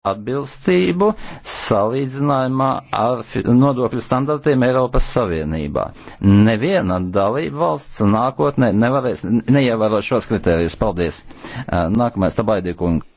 atbilstību salīdzinājumā ar nodokļu standartiem Eiropas Savienībā. Neviena dalība valsts nākotnē nevarēs neievēro šos kritērijus. Paldies. Nākamais tabaidīkungs.